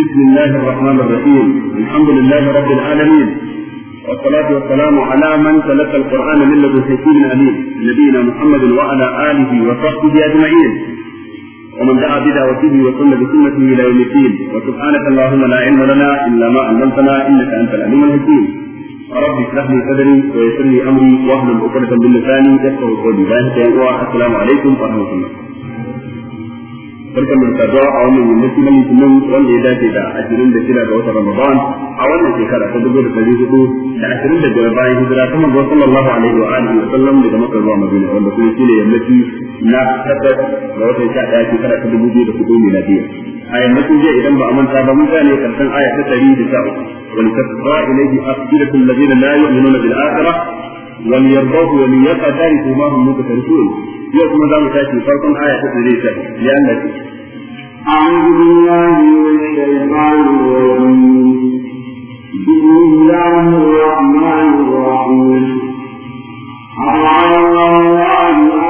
بسم الله الرحمن الرحيم الحمد لله رب العالمين والصلاة والسلام على من تلقى القرآن من لدن حكيم أليم نبينا محمد وعلى آله وصحبه أجمعين ومن دعا بدعوته وسن بسنته إلى يوم الدين وسبحانك اللهم لا علم لنا إلا ما علمتنا إنك أنت العليم الحكيم رب اشرح لي صدري ويسر لي أمري واحلل عقدة من لساني يفقه قولي ذلك السلام عليكم ورحمة الله barkan mu saduwa a wannan yammaci na musulmin wanda ya dace da ashirin da shida ga watan ramadan a wannan shekara ta dubu da ɗari hudu da ashirin da biyar bayan hijira ta manzo sallallahu alaihi wa alihi wa sallam daga makka zuwa madina wanda kuma shine yammaci na tabbas ga watan sha ɗaya shekara ta dubu biyu da hudu miladiya a yammacin jiya idan ba a manta ba mun gane karshen aya ta ɗari da sha uku wani tasba ilaihi afdilatul ladina la yu'minuna bil akhirah wal yardahu wa liyaqdaru ma hum mutakarrifun yau kuma za mu tashi farkon aya ta tsire ta ya Allah ki أعوذ بالله من الشيطان الرجيم بسم الله الرحمن الرحيم أعوذ بالله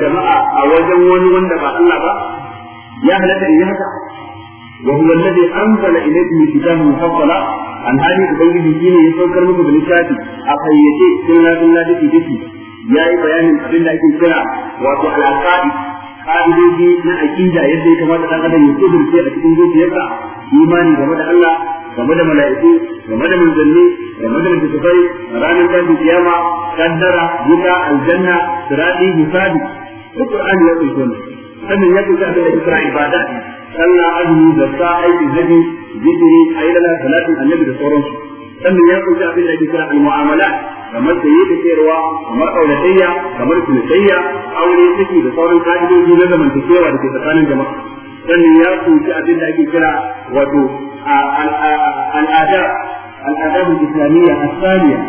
jama'a a wajen wani wanda ba Allah ba ya halatta in yi haka wa huwa alladhi anzala ilaykum kitaban mufassala an hali ubangiji shine ya saukar muku da littafi a fayyace sunna sunna da kike ya bayanin abin da ake kira wato al-aqaid ka'idoji na aqida yadda ya kamata dan adam ya kudurce a cikin zuciyarsa imani game da Allah game da mala'iku game da manzanni game da littattafai ranar tashin kiyama kaddara wuta aljanna sirati hisabi duk Qur'ani ya kunshi wannan sannan ya kunshi abin da ke kira ibada sallah azumi zakka aiki zabi zikiri ayyana salatin annabi da su. sannan ya kunshi abin da ke al-mu'amala kamar saye da sayarwa kamar auratayya kamar cinikayya aure ciki da sauran ka'idoji na cewa da ke tsakanin jama'a sannan ya kunshi abin da ake kira wato al'ada al'adab al-islamiyya as-saniya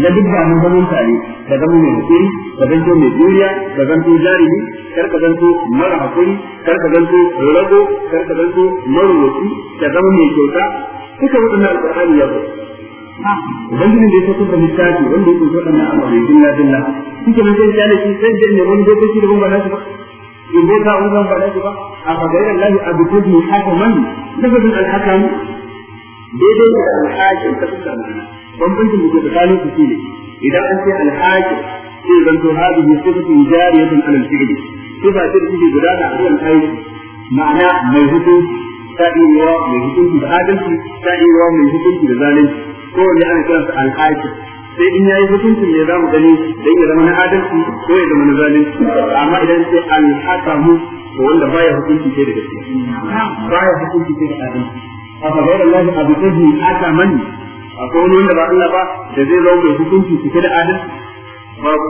na duk da mun zaman tare ka zama mai hakuri ka zanto mai juriya da zanto jarumi kar ka zanto mara hakuri kar ka zanto rago kar ka zanto marwaci da zama mai kyauta duka waɗannan alƙur'ani ya zo ubangijin da ya fito da littafi wanda ya fito waɗannan amalai dilla dilla suke nan sai ya ne sai da ne wani dokoki da ban ba su ba in dai ka wannan ba su ba amma a fagairar lahi abu ta ne haka man lafazin alhakam daidai da alhakin ta fuska ma'ana bambancin da ke tsakanin su shine idan an ce alhaji sai zanto hadhihi sifatun jariyatun alal fi'li sifa ce da take gudana a kan aiki ma'ana mai hukunci ta iya mai hukunci da adalci ta iya mai hukunci da zalunci an ana su alhaji sai in yayi hukuncin ne za mu gani dan ya zama na adalci ko ya zama na zalunci amma idan sai al-hakamu to wanda baya hukunci sai da gaskiya baya hukunci sai da adalci afa ghayra allahi abutaji hakaman akwai wani wanda ba Allah ba da zai zama mai hukunci cike da adalci babu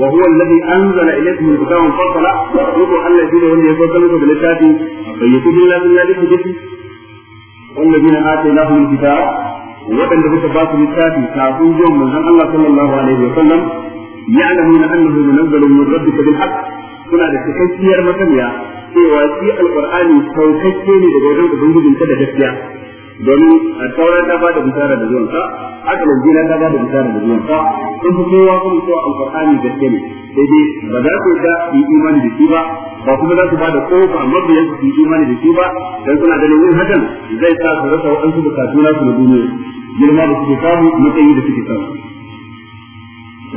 wa huwa alladhi anzala ilaykum al-kitaba mufassala yugo Allah shi ne wanda ya saukar muku da littafi bayyatu billahi min ladhi kujiti wallazina atainahum al-kitaba waɗanda suka ba su littafi kafin zuwan manzon Allah sallallahu alaihi wa sallam ya ya'lamuna annahu munazzalun min rabbika bil haqq suna da cikakkiyar masaniya cewa shi alqur'ani saukakke ne daga wajen ubangijinka da gaskiya domin a taura ta ba da bisara da zuwan sa aka lajina ta ba da bisara da zuwan sa sun fi kowa kuma cewa da gaske ne sai dai ba za ku ga yi imani da shi ba ba kuma za ku ba da kofa mabiyan su yi imani da shi ba dan suna ganin yin hakan zai sa su rasa waɗansu bukatu na su na duniya girma da suke samu matsayi da suke samu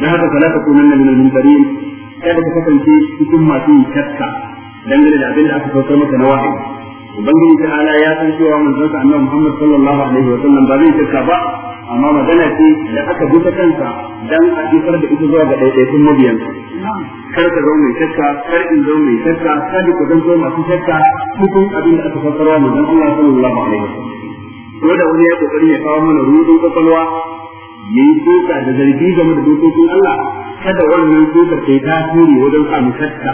da haka fala kunan kuma nan min mutarin kada ka kasance cikin masu shakka dangane da abin da aka saukar maka na wahayi ubangiji ta ala ya san cewa manzon sa annabi Muhammad sallallahu alaihi wa sallam ba zai tsaka ba amma magana ce da aka bi ta kansa dan a isar da ita zuwa ga sun mabiyan kar ka zo mai tsaka kar in zo mai tsaka kar ku zanto masu shakka cikin abin da aka fassara manzon Allah sallallahu alaihi wa sallam ko da wani ya kokari ya kawo mana rudin kwakwalwa ya yi da zargi game da dokokin Allah kada wannan tuka ta yi tasiri wajen samun tsaka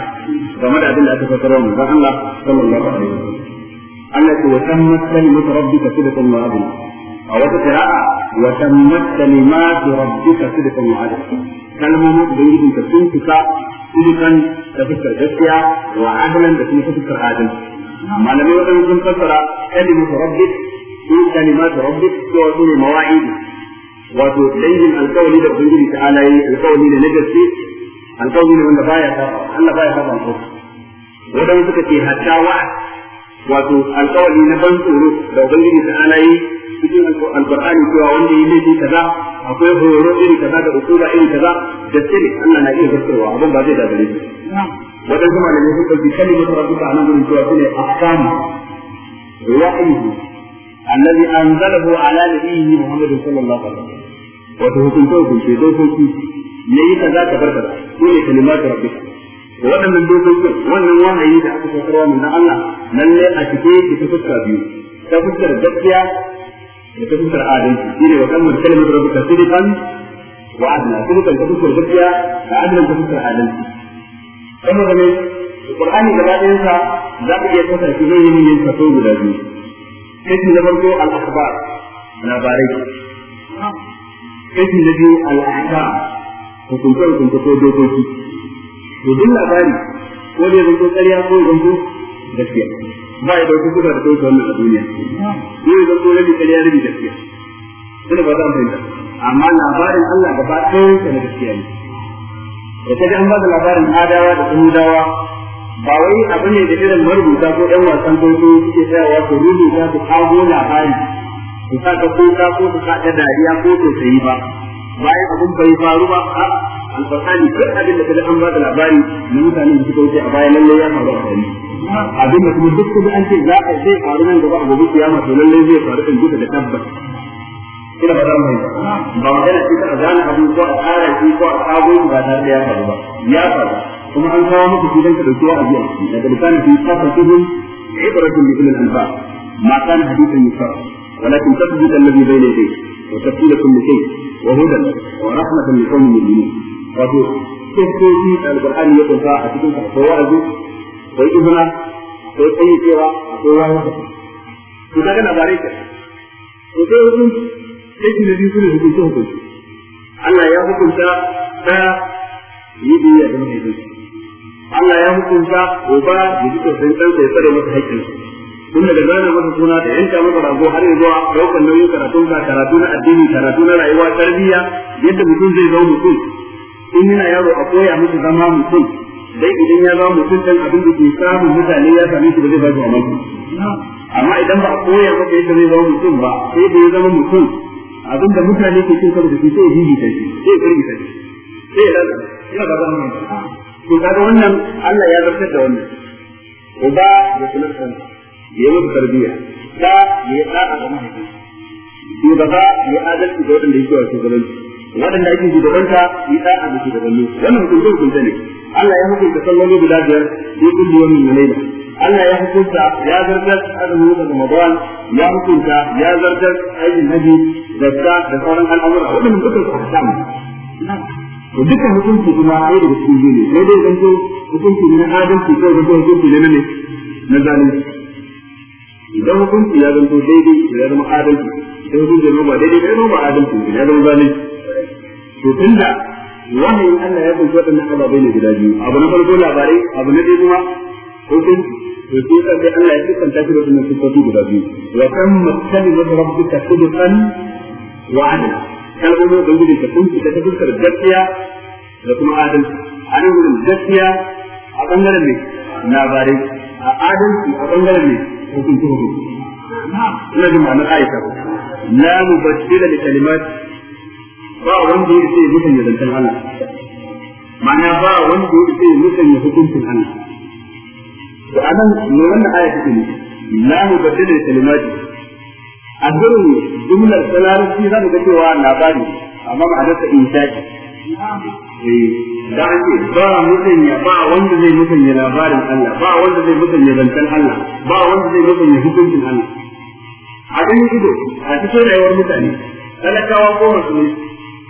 game da abin da aka fassara manzon Allah sallallahu alaihi wa sallam Allah ce wa tammat kalimatu rabbika sidqan wa adl a wata qira'a wa tammat kalimatu rabbika sidqan wa adl kalmomin ubangijin ka sun tuka sidqan da fuskar gaskiya wa adlan da kuma fuskar adalci malamai wadanda sun fassara kalimatu rabbik ko kalimatu rabbik ko su mawa'idi wato dangin alkawari da ubangiji ta ala alayi alkawari ne na gaske alkawari ne wanda baya saba Allah baya saba ko wadanda suka ce hatta wa'a wato alƙawari na ban tsoro da ubangiji ta ala yi cikin alƙur'ani cewa wanda yi laifi kaza akwai horo iri kaza da hukuma iri kaza da sirri Allah na iya zartarwa abin ba zai da gare shi waɗansu malamai sun ɗauki kalimar a nan gurin cewa shine ahkamu an الذي أنزله da نبيه محمد صلى الله عليه وسلم وتهكم توكم في دوكم ne yi kaza ka bar kaza ne kalimatu rabbika waɗannan dokokin wannan wahayi da aka shakarwa min na Allah lalle a cikin yake ta fuska biyu ta fuskar gaskiya da ta fuskar adalci shine wa kalmar kalmar rabbuka kan wa adla sidqan ta fuskar gaskiya da adlan ta fuskar adalci kuma da ne Qur'ani da ɗayan sa za ka iya kasa shi zai yi yin kaso guda biyu kashi na farko al-akhbar labarai kashi na biyu al-ahkam hukunce hukunce ko dokoki to duk labari ko ne zanto ƙarya ko zanto gaskiya ba ya dauki kuɗa da dauki wannan a duniya ko ya zanto rabi ƙarya rabi gaskiya kuna ba za mu fahimta amma labarin Allah gaba ɗayan sa na gaskiya ne da kaji an ba da labarin adawa da samudawa ba wai abu ne da irin marubuta ko ɗan wasan dodo suke tsayawa rubu rubuta su kawo labari ku sa ka kuka ko su sa dariya ko tausayi ba bayan abun bai faru ba alqur'ani duk abin da kaga an ba da labari na mutanen da suka wuce a baya lalle ya faru a gari abin da kuma duk da an ce za a sai faru nan gaba a gobe kiyama to lalle zai faru din duka da tabbas kina ba zan mai ba magana ce ta azana abu ko a tsara shi ko a tsago ba tare da ya faru ba ya faru kuma an kawo muku shi dan ka dauki wa'azi a shi daga lisanin fi tafsirin ibratun li ulil albab ma kana hadithan yusar ولكن تثبت الذي بين يديه وتفصيل كل شيء وهدى ورحمة لقوم المؤمنين wato sirkoki da alƙur'ani ya kunta a cikin sa akwai wa'azi akwai izina akwai tsayyacewa akwai wayar da to kaga labarai ke to sai hukunci sai ki nabi su ne hukunci hukunci Allah ya hukunta daya yi a da mai Allah ya hukunta uba da duka sun ɗan sai tsare masa haƙƙinsa tun daga zana masa suna da yanka masa rago har ya zuwa ɗaukar nauyin karatun sa karatu na addini karatu na rayuwa tarbiyya yadda mutum zai zama mutum in yana yaro a koya mishi zama mutum dai idan ya zama mutum dan abin da ke samun mutane ya same shi ba zai ba shi mamaki amma idan ba a koya maka yadda zai zama mutum ba sai da ya zama mutum abin da mutane ke cin karo da shi sai ya bibi ta shi sai ya kirgi ta shi sai ya lalata yana ba zama mamaki to kaga wannan Allah ya zartar da wannan uba da sunan kansa ya mutu tarbiyya da ya tsara ga mahaifi shugaba ya adalci da waɗanda yake wa shugabanci waɗanda ake shugabanta yi a da shugabanni wannan hukunce hukunce ne Allah ya hukunta salloli guda biyar sai kulli wannan yanayi Allah ya hukunta ya zartar azumi da Ramadan ya hukunta ya zartar aikin da ta da sauran al'amura waɗannan dukkan su ahkam to dukkan hukunci kuma ai da su ne sai dai zanto hukunci ne na adalci ko zanto hukunci ne na ne na zalunci idan hukunci ya zanto daidai ya zama adalci idan hukunci ya zama ba daidai ya zama adalci ya zama zalunci to tunda wahayin Allah ya kunshi waɗannan ababai ne guda biyu abu na farko labarai abu na biyu kuma hukunci to sai kan dai Allah ya kanta shi da wannan sifofi guda biyu wa kam makkani wa rabbuka sidqan wa adl kalmomin ubangiji ka kunshi ta fuskar gaskiya da kuma adalci an gurin gaskiya a bangaren ne labarai a adalci a bangaren ne hukunci hukunci ina jin ma'anar aisha ko la mubaddila li kalimati ba wanda ya ce mutan ya zancen Allah ma'ana ba wanda ya ce mutan ya hukuncin Allah to anan me wannan aya take nufi la mubaddala kalimati a gurin jumlar salarci za mu ga cewa labari amma ma'anarsa insaki eh, da ake ba musanya ba wanda zai ya labarin Allah ba wanda zai ya zancen Allah ba wanda zai ya hukuncin Allah a ganin ido a cikin rayuwar mutane talakawa ko musulmi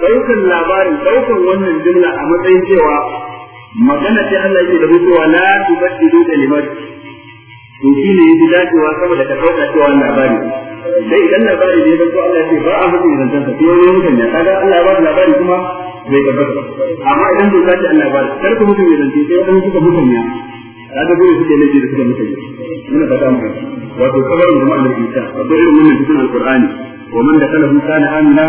daukan labarin daukan wannan jumla a matsayin cewa magana ce Allah yake da mutuwa la tubaddilu kalimat to shi ne yake dacewa sama da ka dauka cewa labari dai idan labari ne ba ko Allah ya ce ba a mutum idan tansa ko wani mutum ne kaga Allah ya ba labari kuma bai tabbata amma idan doka ce Allah ba kar ku mutum idan sai wani suka mutum ne kaga dole suke laifi da suka mutum muna fata mu wato kabarin jama'ar da ta, wato irin wannan cikin alqur'ani ومن دخله كان آمنا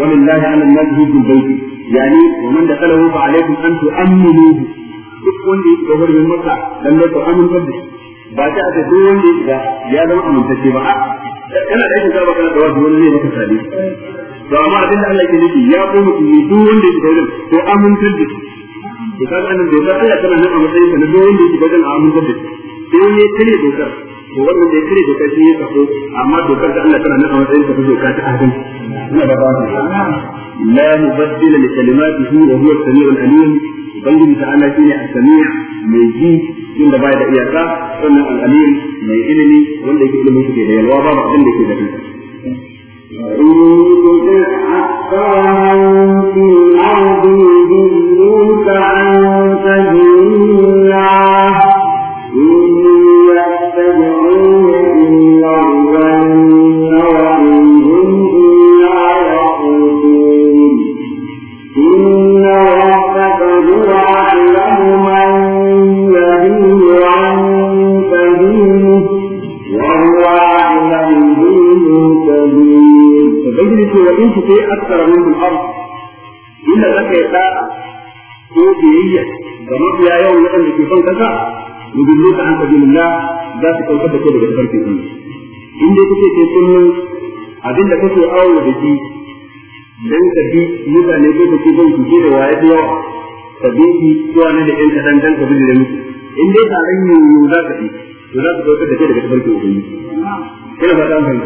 ولله على الناس هج البيت يعني ومن دخله فعليكم أن تؤمنوه تكون لي تقول من مكة لم يكن أمن قبل ba ta aka dole da ya zama amintacce ba kana da aikin zaba kana da wasu wani ne maka sadi to amma abin da Allah ke ya ko mutum ne duk wanda yake dole to amintar da shi to kaga annabi da Allah kana nan a matsayin ka na dole a amintar da shi sai ne kare dokar to wannan da ya kare doka shi ya kafo amma dokar da Allah tana nan a matsayin ta doka ta adalci ina da ba la mubaddila li kalimatihi wa huwa as-sami'ul alim ubangiji ta'ala shine as-sami' mai ji inda baya da iyaka sannan al-alim mai ilimi wanda yake ilimin shi da yalwa babu abin da yake da kansa إن تطع أكثر من في الأرض يضلوك عن saukar da kai daga farkin din in dai kace kai kullum abin da kake awo da shi dan ka bi mutane ko kake zan ku ce da waye biya ka bi shi ko ne da ɗan kadan dan ka bi da musu in dai ka ran yoyo za ka bi to za ka saukar da kai daga farkin din ina ba ta mun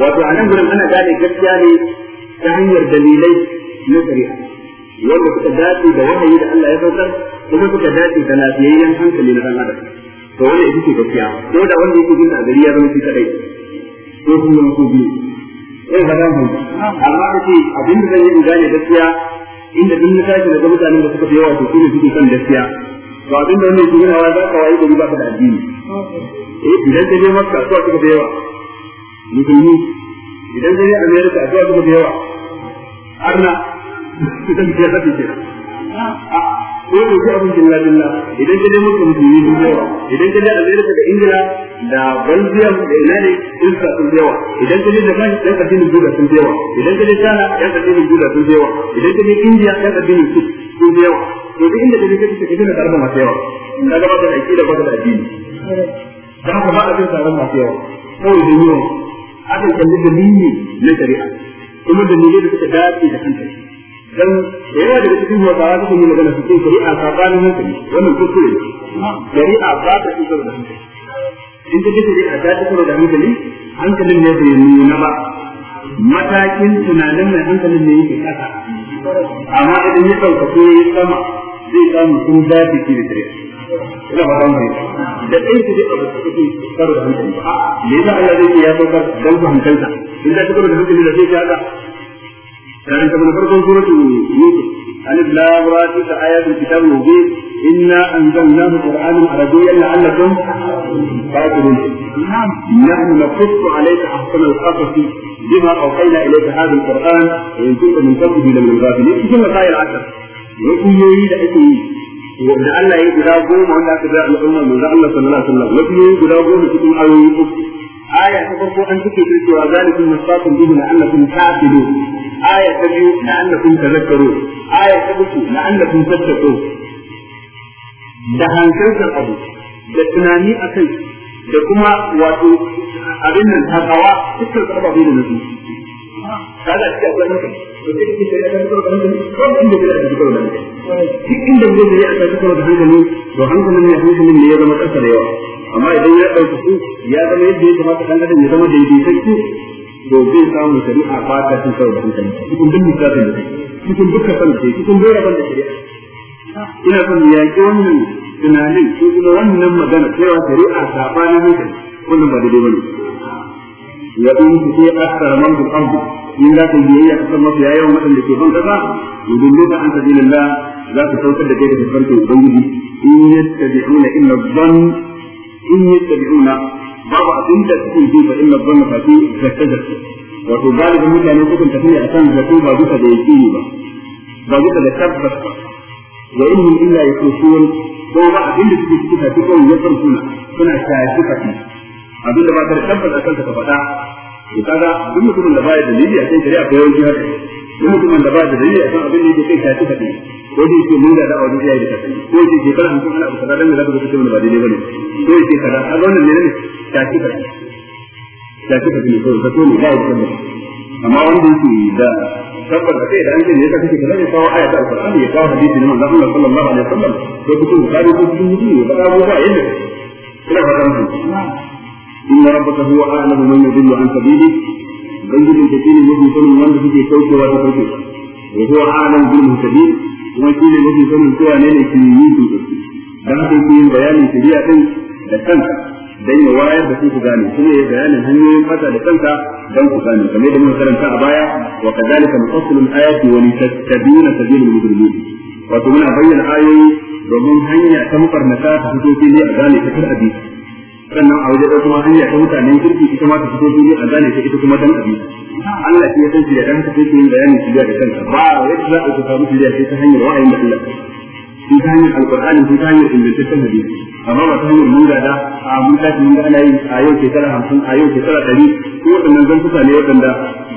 wato a nan gurin ana gane gaskiya ne ta hanyar dalilai na shari'a wanda suka dace da wahayi da Allah ya saukar kuma suka dace da lafiyayyen hankali na dan adam to wannan ita ce gaskiya ko da wanda yake bin a gari ya zama shi kadai ko kuma ko biyu ga fadan hu amma kace abin da zan yi gane gaskiya inda duk mutane da mutanen da suka yawa to shine suke kan gaskiya to abin da wannan shugaba za ka kawai da ba ka da addini eh idan ka je makka to suka da yawa musulmi idan ka je america to suka da yawa arna idan ka je kake kenan ko da ji abin jilla billa idan ka je maka musulmi yawa idan ka je america da ingila da belgium da ina ne sun yawa idan ka je japan yan addinin buda sun yawa idan ka je china yan addinin buda sun yawa idan ka je india yan addinin sikh sun yawa to duk inda kaje kake kaje da karban masu yawa kaga ba da aiki da ba da addini dan ka ba a jin taron masu yawa kawai da yawa akan kalli dalili na shari'a kuma dalilai da suka dace da hankali dan yana daga cikin hausawa sukan yi magana cikin shari'a sabanin hankali wannan ko ne shari'a ba ta cikin da in ta cikin shari'a ta cikin da hankali hankalin ne bai nuna ba matakin tunanin mai hankalin ne yake kasa amma idan ya ɗaukace sama zai samu sun dace ki da shari'a ina ba mai da kai su dai abu kake karo da hankali ba me yasa Allah zai ya saukar dan hankalta in da kake da hankali da zai ka كانت من فرقه سورة يوسف ألف لا براتك آيات الكتاب المبين إنا أنزلناه قرآنا عربيا لعلكم تعقلون نعم. نحن نقص عليك أحسن القصص بما أوحينا إليك هذا القرآن وإن كنت من قبله لمن الغافلين كما قال العشر وكل يريد أن وإن الله قوم ولا أكبر العلماء من ذا الله صلى الله عليه وسلم وإن يجدا قوم آية تقول أن تكتب ذلك المصطفى به لعلكم تعقلون aya ta biyu na annakum tazakkaru aya ta da hankalin abu da tunani akai da kuma wato abin nan takawa dukkan sababi da nasu kada ka ga mutum ta tsoro da hankali da tsoro da da shari'a ta da hankali to hankalin ne hankalin ya zama kasa da yawa amma idan ya dauka ya zama yadda ya ya zama daidaitacce to samun samu shari'a ba ta cin karo da hankali cikin duk misalin da kai cikin duka san da cikin dole ban da shari'a ina son ya ki wannan tunanin ko kuma wannan magana cewa shari'a sabanin hankali wannan ba daidai bane ya in ku sai akthar man bil ardh in za ka yi ya kasar mafiya yawan waɗanda ke ban kasa idan duka an sabilillah za ka saukar da kai da farko ubangiji in yattabi'una illa dhann in yattabi'una babu abin da suke ji fa inna dhanna fa fi zakka zakka wato galibin mutane sukan tafi a kan zato ba duka da yaqini ba ba duka da tabbas ba wa innahum illa yakusun ko ba abin da suke cikin tafi kawai ya san suna suna shafi kafi abin da ba ka tabbas a kanka ka faɗa to kaga duk mutumin da ba ya dalili a kan shari'a ko yanzu jihar duk mutumin da ba ya dalili a kan abin da yake kai shafi kafi ko dai ce mun da da aure ya da kai ko dai ce kana mun kana kaza dan da zaka ce mun ba bane ko dai ce kaza a wannan ne ne ta ci ka ta ci ka ne ko ka to ne da yake amma wanda yake da tabbata sai da an ce ne ka kace kaza ne kawo aya ta ya kawo hadisi ne manzo Allah sallallahu alaihi wasallam ko kuma bukari ko cikin yi ba ka ba yanda ina fatan ku inna rabbaka huwa a'lamu man yudillu an sabili ubangijin da shine mafi sanin wanda suke kaucewa ta kaucewa wa huwa a'lamu bil kuma shi ne mafi sanin kowa ne ne ke yi su da don haka yake yin bayanin shari'a din da kanka daya ya wayar da su ku gane kuma ya bayanin hanyoyin fata da kanka dan ku gane kamar da muka karanta a baya wa kadhalika nufassilu al-ayati wa litastabina sabilul mujrimin wato muna bayyana ayoyi domin hanya ta mafarnata ta fito fili a gane ta kar hadisi sannan a waje kuma hanya ta mutanen kirki ita ma ta fito fili a gane ta ita kuma dan abi Allah ya san shi da dan kake yin bayanin shi da kanka ba wai za a samu shi da ta hanyar wa'ayin da Allah sun ta hanyar alqur'ani sun ta hanyar ta hadisi amma ba ta hanyar mun gada a mun ta mun ga ana yi a yau shekara hamsin a yau shekara ɗari ko zan zantuka ne waɗanda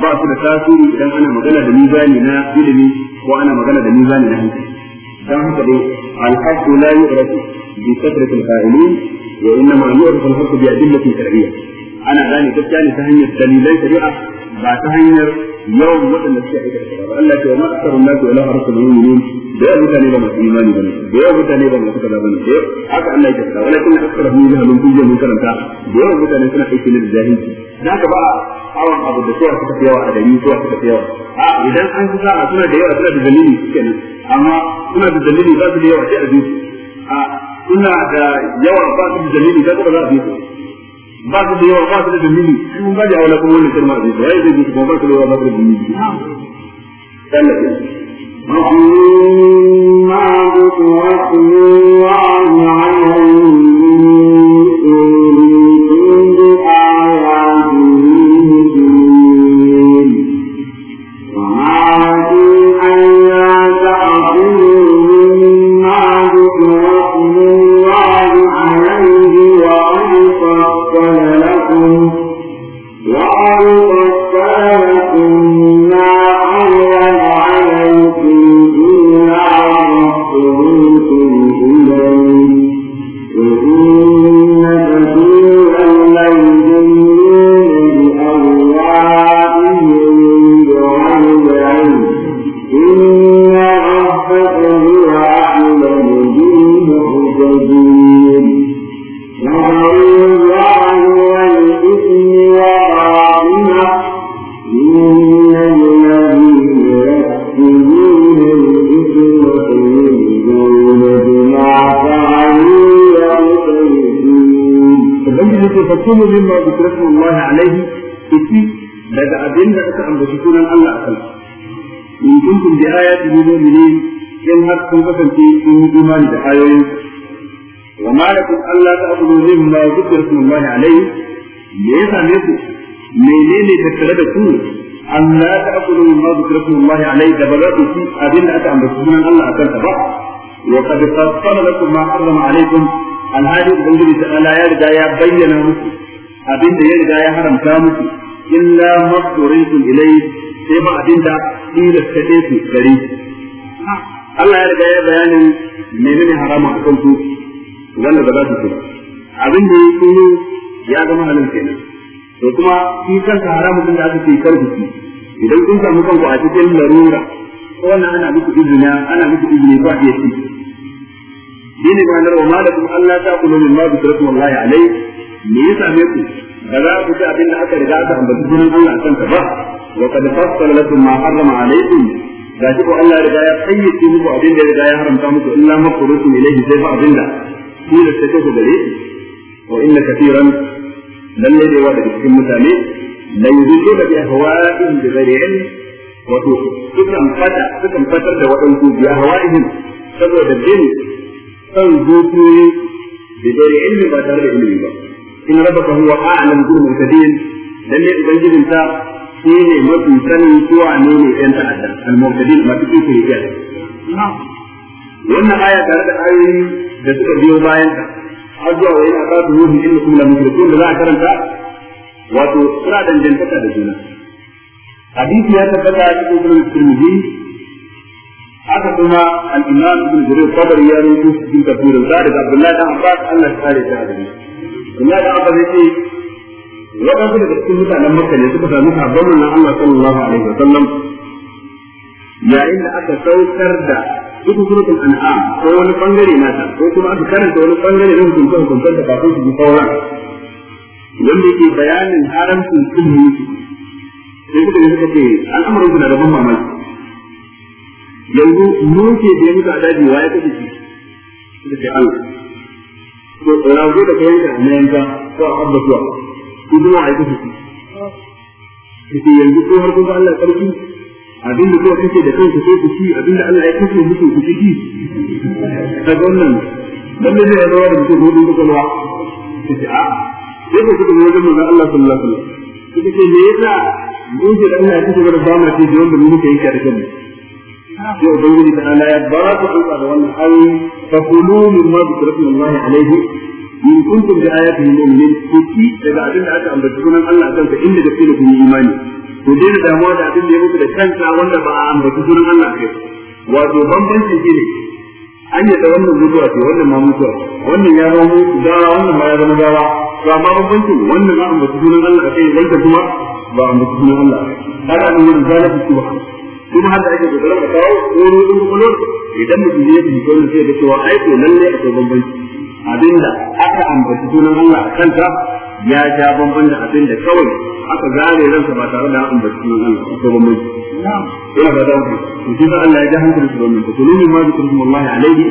ba su da tasiri idan ana magana da mizani na ilimi ko ana magana da mizani na hankali dan haka dai al-haqqu la yu'rafu bi al qa'ilin wa innama yu'rafu al-haqqu bi adillati shar'iyyah ana gane gaskiya ne ta hanyar dalilai shari'a ba ta hanyar yawan suke aikata ba Allah ce ma asarun nasu da yawan mutane ba masu imani bane da yawan mutane ba masu kaza bane haka Allah ya faɗa walakin asarun min jahalun kun je mun karanta da yawan mutane suna aiki ne da jahilci da haka ba awon abu da cewa suka fi yawa a dalili cewa suka fi yawa a idan an fi sa'a suna da yawa suna da dalili kenan amma suna da dalili ba su da yawa sai a zuci suna da yawan ba su da dalili da ba za bi ba su da yawan ba su da dalili shi mun gaji a wani kuma wani kalma zai yayi zai bi kuma ba su da yawan ba su da dalili tallafi وَمَا بِقُوَّةٍ وَعَلَى mana'akum Allah ta'budu mimma dhukira Allah alayhi me yasa ne ku menene tattare da ku Allah ta'budu mimma dhukira Allah alayhi da ba za ku ci abin da aka ambaci sunan Allah akan ta ba wa qad fassala lakum ma harrama alaykum alhadi ubangiji ta Allah ya riga ya bayyana muku abin da ya riga ya haramta muku illa ma turitum ilayhi sai ba abin da tilasta ku gare Allah ya riga ya bayanin menene harama akan ku wanda ba za su ci abin da ya tsoro ya zama halin kenan to kuma shi kanka haramun din da aka ce kar ku idan kun samu kanku a cikin larura ko wannan ana miki izina ana miki izini ba ya ci dini ma na roma da kuma Allah ta kula min ma bi sirrin wallahi alai ne ya same ku ba za ku ci abin da aka riga aka ambaci sunan Allah a kanka ba wa kad fassala lakum ma harrama alaikum gashi ko Allah riga ya kayyace muku abin da riga ya haramta muku illa ma kurutum ilayhi sai fa abin da tilasta ta gare shi wa inna kathiran lalle da yawa daga cikin mutane la yuzuna bi ahwa'in bi ghairi ilm wato sukan fada sukan fatar da waɗansu hawa in saboda bin san zuciyoyi da ghairi ilmi ba tare da ilimi ba in rabbaka huwa a'lam bil muhtadin lalle ubangijin ta shi ne mafi sanin cewa ne ne ɗan ta'adda al mutadin ma duk yake wannan aya tare da ayoyi da suka biyo bayan ta har zuwa wa ina ka duhu inda kuma da za a karanta wato suna dangantaka da juna hadisi ya tabbata a cikin sunan turmiji haka kuma al-imam ibn jarir tabari ya su cikin tafsirin sa daga abdullahi dan abbas Allah ya kare ta da ni Allah da abbas ce Waɗansu daga cikin mutanen makka ne suka samu sabon nan Allah sallallahu alaihi wasallam yayin da aka saukar da ita suratul an'am ko wani bangare na ta ko kuma aka karanta wani bangare na hukunce hukuncen da kafin su ji sauran don da yake bayanin haramcin yi su sai kuka ne suka ce al'amarin suna da ban mamaki yanzu nuke da ya mutu a daji waye kake kashe shi suka ce an ko to rago da kayanka na yanka ko a abbatuwa ko zuwa a yi kashe shi suke yanzu ko har kuma Allah sarki abin da kuka kake da kanku sai ku ci abin da Allah ya kace muku ku ci daga wannan dan ne ya rawa da mutum hudu da kalwa kace a sai ku kuma wajen manzon Allah sallallahu alaihi wasallam kace me yasa mun ji Allah ya kace da ba ma ce da wanda mun kai ka da kanmu ya ubangiji ta Allah ya baraka ku da wannan hali fa kulu mimma bi rabbil Allah alaihi in kuntum bi ayatihi mu'minin ku ki daga abin da aka ambaci sunan Allah kanka inda da kike kun yi imani ku daina damuwa da abin da ya muku da kanka wanda ba a ambaci sunan Allah kai wato bambanci shine an yi da wannan mutuwa ce wannan ma mutuwa wannan ya zama gawa wannan ma ya zama gawa to amma bambanci wannan na ambaci sunan Allah kai wanda kuma ba ambaci sunan Allah kai kada yi zalunci ku kuma har da ake kokarin kawo ko ruwan kullu idan mutum ya yi kokarin sai da cewa ai to lalle akwai bambanci abinda aka ambaci sunan Allah a kanta ya ja bamban da abinda kawai aka gane ransa ba tare da ambaci sunan Allah ko ba mai ina ba da ku shi da Allah ya ja hankali su domin ku ne ma zikrukum Allah alaihi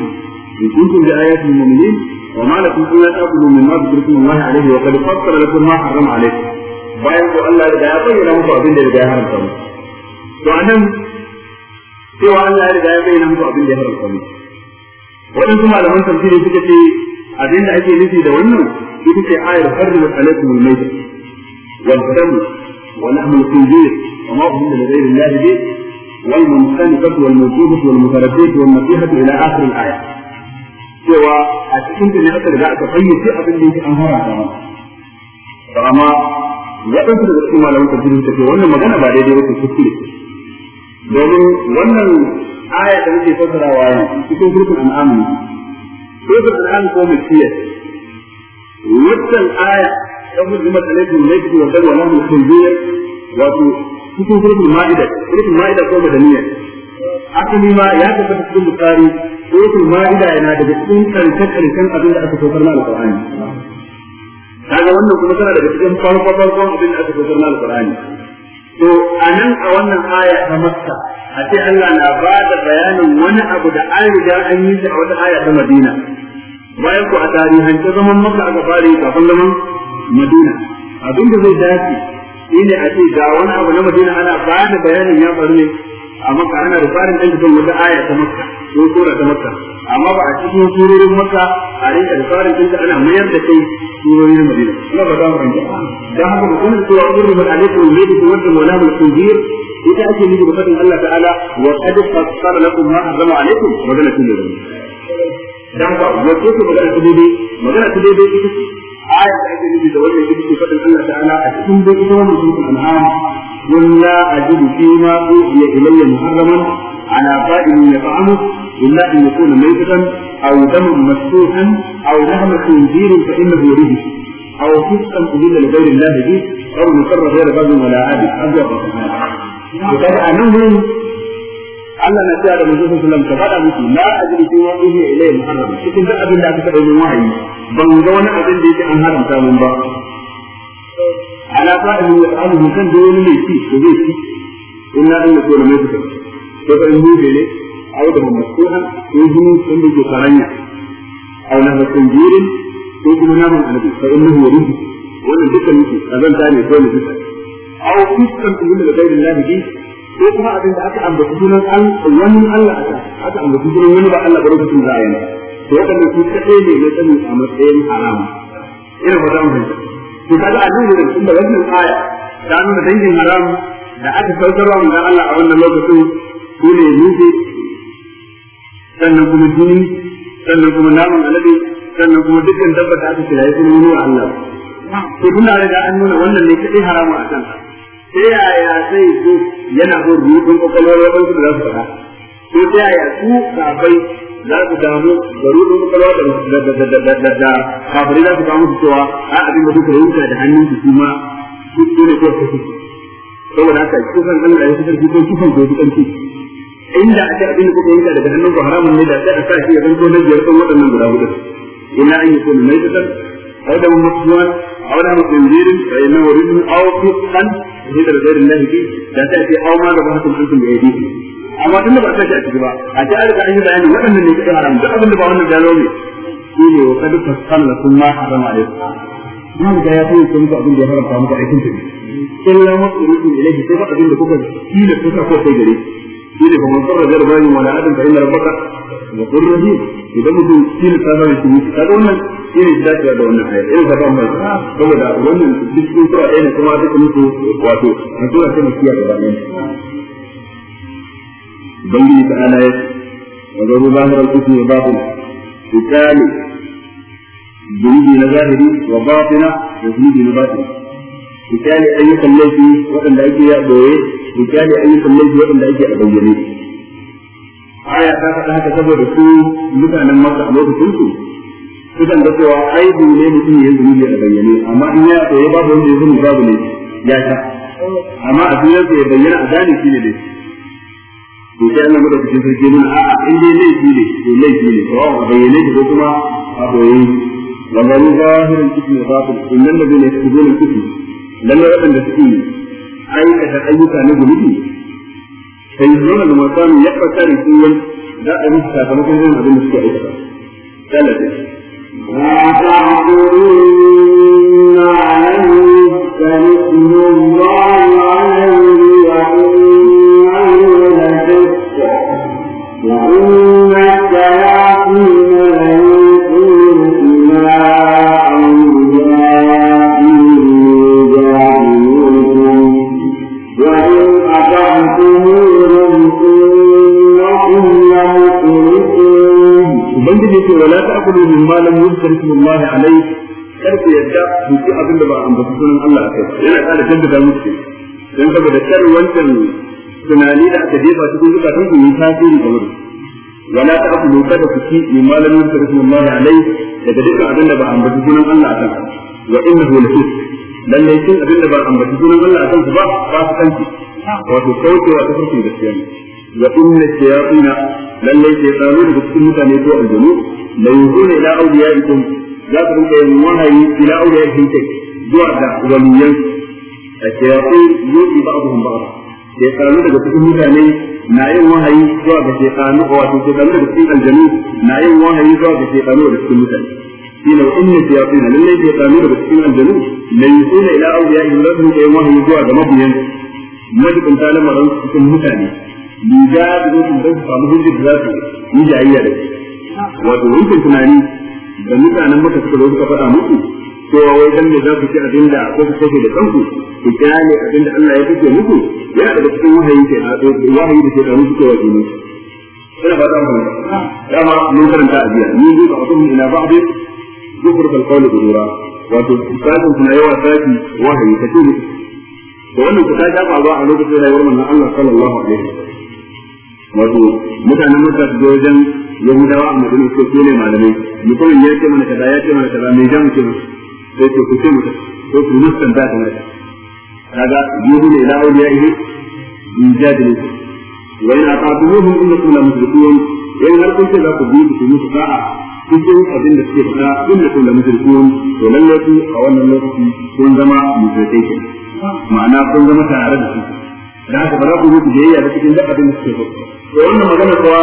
in kuntum bi ayatin mu'minin wa ma lakum illa ta'budu min ma zikrukum Allah alaihi wa qad fassara lakum ma harrama alaikum bayan ko Allah da ya bayyana muku abinda da ya haramta muku to anan cewa Allah ya riga ya bayyana muku abin da ya haramta muku da malaman tafsiri suka ce da ake nufi da wannan ita ce ayar harrimat alaikum al wani wal dam wa lahm al-khinzir wa ma uhilla li ghayri Allah bi wal munqanqatu wal mawqufatu wal mutaraddatu wal nasihatu ila akhir al-aya cewa a cikin da ne aka riga aka fayyace abin da yake an hara da To amma waɗansu daga cikin malamin tafsirin ta ce wannan magana ba daidai wata kuskure domin wannan aya da muke fassarawa yanzu cikin surkul an'am dokar al'an ko mai siyar wannan aya ta hujjumar alaikum laifi wa wani nahu tunbiyar wato cikin surfin ma'ida surfin ma'ida ko madaniya asali ma ya tabbata cikin bukari surfin ma'ida yana daga cikin karshe-karshen abin da aka saukar na alƙur'ani kaga wannan kuma tana daga cikin farko farkon abin da aka saukar na alƙur'ani to anan a wannan aya ta makka a ce Allah na ba da bayanin wani abu da an riga an yi shi a wata aya ta Madina bayan ku a tarihance zaman maka aka fara yi kafin zaman Madina abin da zai dace shine a ce ga wani abu na Madina ana ba da bayanin ya faru ne a maka ana da farin ɗan cikin wata aya ta Makka ko sura ta Makka amma ba a cikin surorin maka a rinka da farin ɗan ana mayar da kai surorin Madina Kuma ba za mu rinka dan haka mutum da cewa urbi alaikum wa lakum wa lakum ita ake nufi da fadin Allah ta'ala wa qad fassara lakum ma harrama alaikum magana ce ne dan ba wato ce magana ce dai magana ce dai ita ce aya da ake nufi da wannan ita ce fadin Allah ta'ala a cikin dai ita wannan sunan an'am قل لا أجد فيما أوحي إلي محرما على قائد يطعمه إلا أن يكون ميتا أو دما مسفوحا أو لحم خنزير فإنه رجس أو فسقا أهل لغير الله به أو مقر غير باب ولا عابد أبيض to kaga a nan gurin Allah na cewa da manzon sallallahu alaihi wasallam ka faɗa musu la ajri fi ma uhi ilayhi cikin duk abin da aka taɓa yin ban ga wani abin da yake an haramta mun ba ala fa'ilu ya alu kan da wani mai ci ko zai ci inna an yakuna mai ci ko fa in muje ne aw da masuhan ko jini sun ko ne aw fiskan tumin da gairin lahi ji ko kuma abin da aka ambaci sunan an wani Allah aka aka ambaci sunan wani ba Allah ba lokacin za a yi to wadannan su kadai ne na sani a matsayin harama ina ba za mu fahimta to kaga a nan wurin da wannan aya ta nuna dangin haram da aka saukarwa manzon Allah a wannan lokacin su ne nufi sannan kuma jini sannan kuma namun alade sannan kuma dukkan dabba da aka kira ya kuma nuna Allah to tun da an nuna wannan ne kadai haramu a kansa ta yaya zai zo yana bin rubin kwakwalwar waɗansu da za su faɗa ko ta yaya su kafai za su damu da rubin kwakwalwa da kafari za su kawo musu cewa a abin da suka rinka da hannun su kuma su ne ko su su saboda haka kisan Allah ya fitar ko kisan ko kisan ki inda aka abin da kuka rinka daga hannun ku haramun ne da sai a sa shi ya zanto na biyar kan waɗannan guda hudu ina an yi ko mai tsaka هذا هو مسلمان أو لهم خنزير فإنه رجل أو فسقا هذا غير الله به لا تأتي أو ما ذبحتم أنتم بأيديكم amma tun da ba sai a ciki ba a ji alƙa an yi bayani waɗannan ne suke haram duk abin da ba wannan gano ne shi ne wa kadu fasal la kun ma haram alaikum kuma da ya san kun abin da ya haramta muku aikin ta in la musulmin ilaihi sai ba abin da kuka shi da kuka ko sai gare shi ne kuma sarra idan mutum shi ne da irin dacewa da wannan aya irin gaban mai saboda wannan cikin sura ɗaya ne kuma duka musu wato mutuwa ta mutiya da bayan ubangiji ta ala ya wajen zahar al-kutu na zahiri wa da na ayyukan laifi waɗanda ake ya ɓoye ayyukan laifi waɗanda ake a bayyane aya ta faɗa haka saboda su mutanen a lokacin su idan da cewa ai dole ne mutum ya zunubi a bayyane amma in ya koyi babu wanda ya zunubi babu ne ya ta amma a duniyar ya bayyana a gane shi ne dai to sai Allah mada cikin sarki ne a in dai ne shi ne to ne shi ne to a bayyane shi ko kuma a koyi wannan zahirin cikin batil innal ladina yakzibuna al-kufr lamma wadanda suke ai ta ayyuka na zunubi sai zuwa da mutane ya fara fata da su za a yi sakamakon yin abin da suke aikata لا تعبدون عليه فمثل الله ciki mimma lam yuzkar ismullahi alayhi daga dukkan abin da ba ambaci sunan Allah akan wa innahu dan ne kin abin da ba ambaci sunan Allah akan ba ba su kanki wato kaucewa ta cikin da ne wa inna shayatina lalle tsaro da cikin mutane ko aljanu la yuzuna ila awliyaikum za ku rinka yin wahayi ila awliyaikum zuwa ga waliyan a shayatin yuki ba'dhum ya tsaro daga cikin mutane na yin wahayi zuwa ga a wato ko dan da cikin aljanu na yin wahayi zuwa ga shaytanu da cikin mutane shine wa inna shayatin lalle shaytanu da cikin aljanu la yusuna ila awliya'i rabbihim ay wahayi zuwa ga mabiyan majikin talamaran cikin mutane liga da zai da su samu hujjar da za su yi jayayya da shi wato wancan tunani da mutanen maka suka zo suka faɗa musu cewa wai dan me za ku ci abin da ko ku kashe da kanku ku gane abin da Allah ya kace muku ya daga cikin wahayi ke na eh, wahayi da ke da muku cewa dini ina ba ta mun dama mun karanta a jiya ni duka atum ila ba'd zukhruf al-qawl bi-dura wato kitabun kuma yawa saki wahayi kace ne da wannan ku ta ba a lokacin rayuwar manzon Allah sallallahu alaihi wato mutanen Makka su je wajen Yahudawa a Madina ko ne malamai mutumin ya ce mana kaza ya ce mana kaza mai jan ce musu sai ce ku ce mu sai ku nuskan da kan da kaga yuhu ne ila awliyaihi in jadil wa in aqatuhum innakum la mushrikun in har kun ce za ku bi ku musu da'a kun ce abin da suke fada innakum la mushrikun to lalle ku a wannan lokaci kun zama mushrikai ke ma'ana kun zama tare da su da haka ba za ku mutu biyayya da cikin abin da suke fada to wannan magana kuwa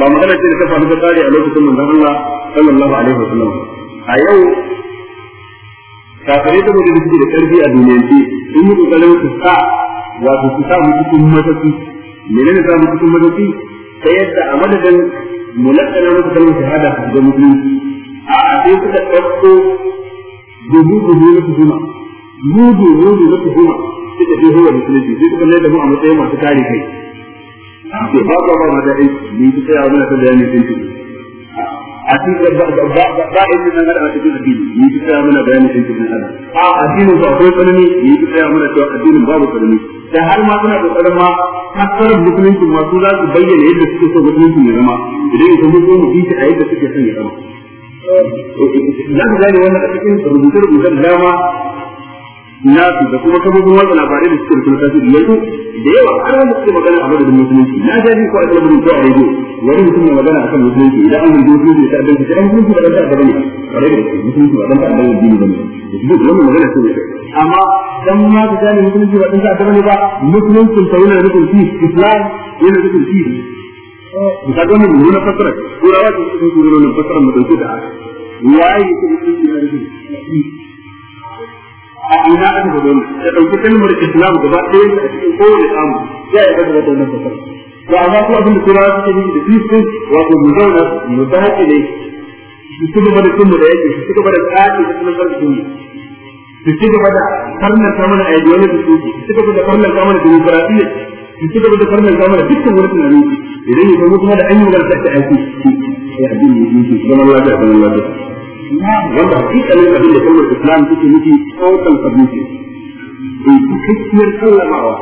ba magana ce da ta faru ta tsari a lokacin manzon Allah sallallahu alaihi wasallam a yau kafirai da mutum suke da karfi a duniyance sun yi kokarin su sa wato su sa mu mataki menene sa mu mataki ta yadda a madadin mulakkana mutum kalmar shahada su ga musulunci a a sai suka ɗauko dubu dubu na tuhuma mudu mudu na tuhuma suka je hawa musulunci sai suka mai da mu a matsayin masu kare kai ke ba ba ba ma da ni su tsaya wani mana da ya ne sun addini ba ba mana bayanin a addinin ba akwai tsanani yi tsaya mana cewa addinin babu tsanani da har ma suna kokarin ma kasar musulunci masu za su bayyana yadda suke so musulunci ya zama idan ya zama a yadda suke son ya zama za ku gane wannan a cikin rubuce-rubucen dama nasu da kuma kafofin watsa labarai da suke da kuma tasiri yanzu da yawa har wanda suke magana a madadin musulunci na ja ko a talabijin ko a rediyo wani mutum mai magana a akan musulunci idan an rubuta musulunci da ta'addanci sai an gudu ba dan ta'adda bane kare da musulunci ba dan ta'adda ne dini bane duk wannan magana ce amma dan ma ka ni musulunci ba dan ta'adda bane ba musulunci ta yana da shi islam yana da nufin shi da ga wannan mun fasara turawa da suke nuna fasara mutunci da haka waye yake musulunci da nufin a ina aka gado ne da ɗauki kalmar islam gaba ɗaya a cikin kowane samu ya yi ɗaga wata wannan fasar to amma ko abin da tura suke yi da kristo wato mu zauna mu ta haƙe ne su ci gaba da sunmu da yake su ci gaba da ƙaƙe da kuma sarki ne su ci gaba da da su ci gaba da su ci gaba da dukkan wani tunani idan ya kuma da aiki lafiya lafiya wanda hakikalin abin da kalmar islam take nufi tsawon sabbi ce cikakkiyar sallamawa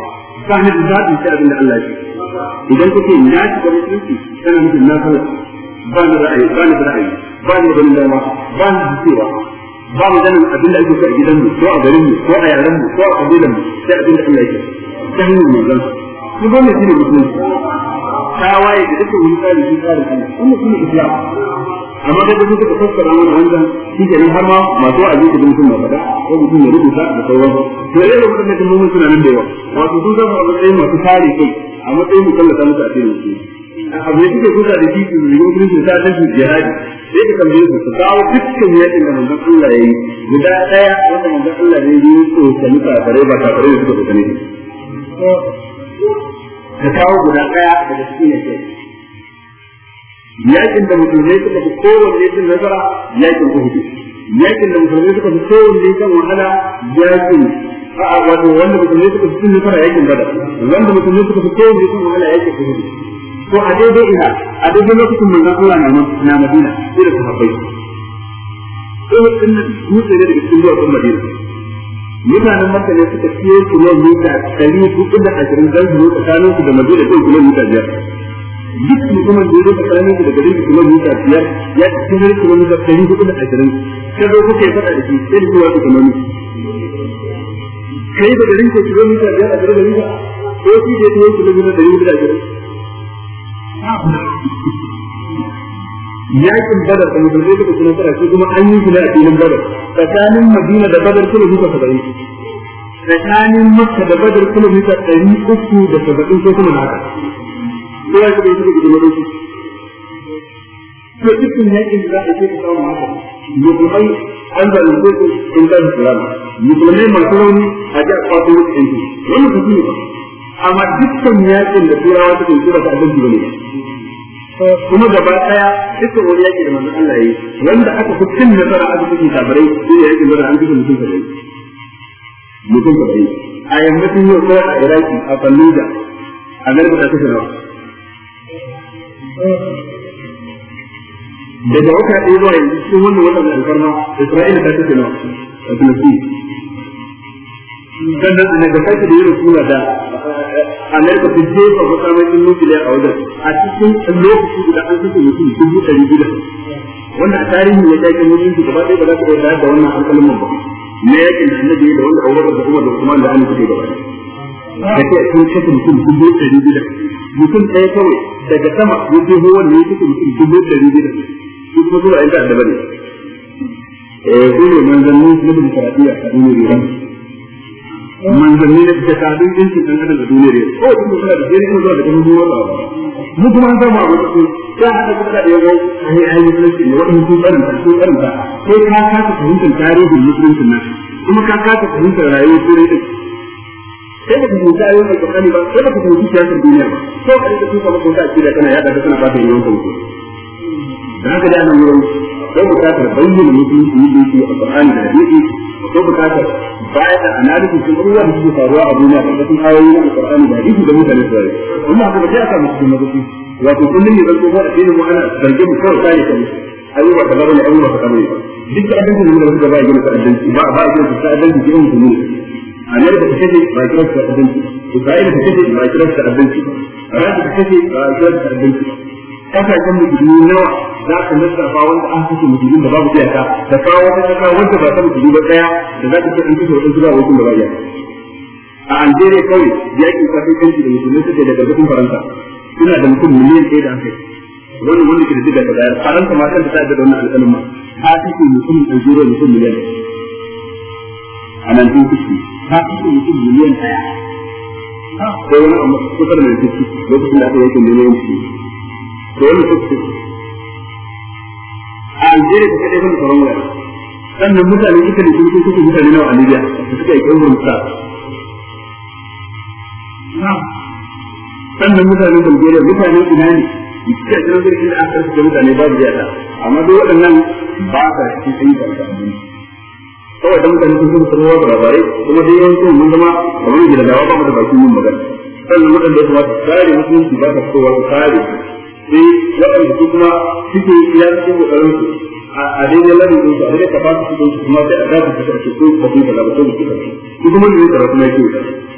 ta hajji zaɓin ta abin da Allah ya idan kake na shiga musulunci kana nufin na sallah ba ni ra'ayi ba ni ra'ayi ba ni ganin dama ba ni cewa ba mu ganin abin da ake so gidan mu ko a mu ko a mu ko a mu sai abin da Allah ya ta hanyar manzon ku ba ne shi ne musulunci waye da dukkan wani tsari shi shi ne islam amma da duk suka fassara mana wannan shi kenan har ma masu wa'azi su mutum na faɗa ko mutum ya rubuta da sauransu to yayin da wannan mun suna nan da yawa wato sun san a sai masu tare kai a matsayin mukallata musu a cikin su abu da suke kusa da shi su zuwa kuma su sa dan jihadi sai ka tambaye su su kawo dukkan yakin da manzon Allah ya yi guda daya wanda manzon Allah ya yi to sani ka bare ba ka bare su ka sani ka kawo guda daya daga cikin yake yakin da musulmai suka fi kowanne yakin nasara yakin uhudu yakin da musulmai suka fi kowanne yakin wahala yakin wato wanda musulmai suka fi cin nasara yakin badar wanda musulmai suka fi kowanne yakin wahala yakin uhudu ko a daidai ina a daidai lokacin manzon Allah na Madina sai da sahabbai Uhud din nan ne daga cikin duwatsun Madina mutanen Makka ne suka fiye kilomita ɗari huɗu da ashirin zan su tsakaninsu da Madina ɗin kilomita biyar duk mutumin da yake tsakanin da garin kilomita biyar ya cikin garin kilomita ɗari hudu da ashirin ka zo kuka yi faɗa da shi sai kuwa ku kamar mutu kai da garin kilomita biyar a garin garin ko shi da yake kilomita ɗari hudu da ashirin yakin badar da musulmai suka ci shi kuma an yi shi a filin badar tsakanin madina da badar kilomita saba'in tsakanin makka da badar kilomita ɗari uku da saba'in ko na ko ya kuma yi da wani shi to dukkan yakin da za a ce ka samu haka musulmai an da rufe su in da islam musulmai masu rauni a ji a kwato wasu yanki wani ku ne ba amma dukkan yakin da turawa suka yi ba ta abin ba kuma gaba daya duka wani yaki da manzon Allah yi wanda aka fi cin nasara a cikin kafirai sai ya yaki zara an cikin mutum kafirai mutum kafirai a yammacin yau ko a Iraki a Fallujah a garba ta kashe rawa daga wata ɗaya zuwa yanzu cikin wannan wata da alfarma isra'ila ta tafi na a filistin sannan daga da yin suna da amerika ta jefa wata mai nukiliya a wajen a cikin lokaci guda an mutum dubu ɗari biyu da wannan a tarihin ya gaba ɗaya ba za ta iya da wannan alƙalin ba na yakin da annabi da wanda da kuma da kuma da da ke sun kashe mutum dubu ɗari biyu da mutum ɗaya kawai daga sama ya je hawan ne ya kashe mutum dubu ɗari biyu da su kuma zuwa inda da ne eh su ne manzanni na dimokuraɗiyya a duniyar iran manzanni na fita ta dun jinsi ɗan adam a duniyar iran ko kuma suna da jeri kuma zuwa da kuma zuwa ba mu kuma an samu abu su ta haɗa kuma da yawo a yi ayi musulunci ne waɗanda sun tsaranta sun tsaranta sai ka kasa fahimtar tarihin musulunci nan kuma ka kasa fahimtar rayuwar turai sai ba sai duniya ba ko kare da kuka mako ta akida kana yada da kana fata yawan kanku da haka da wurin sai ku bayyana a Qur'ani da hadisi ko ku kasa baya da analysis din abubuwan da faruwa a duniya da kuma ayoyi na Qur'ani da hadisi da mutane su rayu kuma haka ba musu na gudu wato kullum ne ba a cikin mu ana zargin mu kawai sai ka musu ayyuka kaza bane ayyuka kaza bane duk abin da da ba a gina ta'addanci ba ba a gina Amerika ta kace ba kira su abinci Isra'ila ta kace ba kira su abinci Rasha ta kace ba kira su abinci kasashen musulmi nawa za ka lissafa wanda an kashe musulmi da babu iyaka da kawo wata kasa wanda ba ta musulmi ba daya da za ta ce an kashe wadansu ba wasu da A iyaka a Algeria kawai yakin kafin kanci da musulmi suke da gargadin faranta suna da mutum miliyan ɗaya da an kai wannan wanda ke da diga da bayar Faransa ma kanta ta da wannan alƙalin ta kashe mutum Algeria mutum miliyan a nan tun kashe ta kashe mutum miliyan ɗaya ko wani abu kusa da mutum lokacin da aka yanke miliyan shi ko wani kusa a Algeria ta kaɗai kan tsaron sannan mutane ita da sun kusa mutane nawa a Libya da suka yi kan rumsa sannan mutane Bulgaria mutane ina ne suka yi da aka karfi mutane babu amma duk waɗannan ba sa cikin ayyukan da abinci kawai dan mutane sun kuma sanarwa da labarai kuma dai yawancin mun zama kamar yadda dawa ba mu da bakin yin magana sannan waɗanda ya kamata su kare musulunci ba ta fitowa su kare sai waɗanda su kuma suke iya cikin kokarin su a daidai lamin su a daidai kafa su kuma da adabu su karshe ko kafin da labarai su karshe duk mun yi karatu na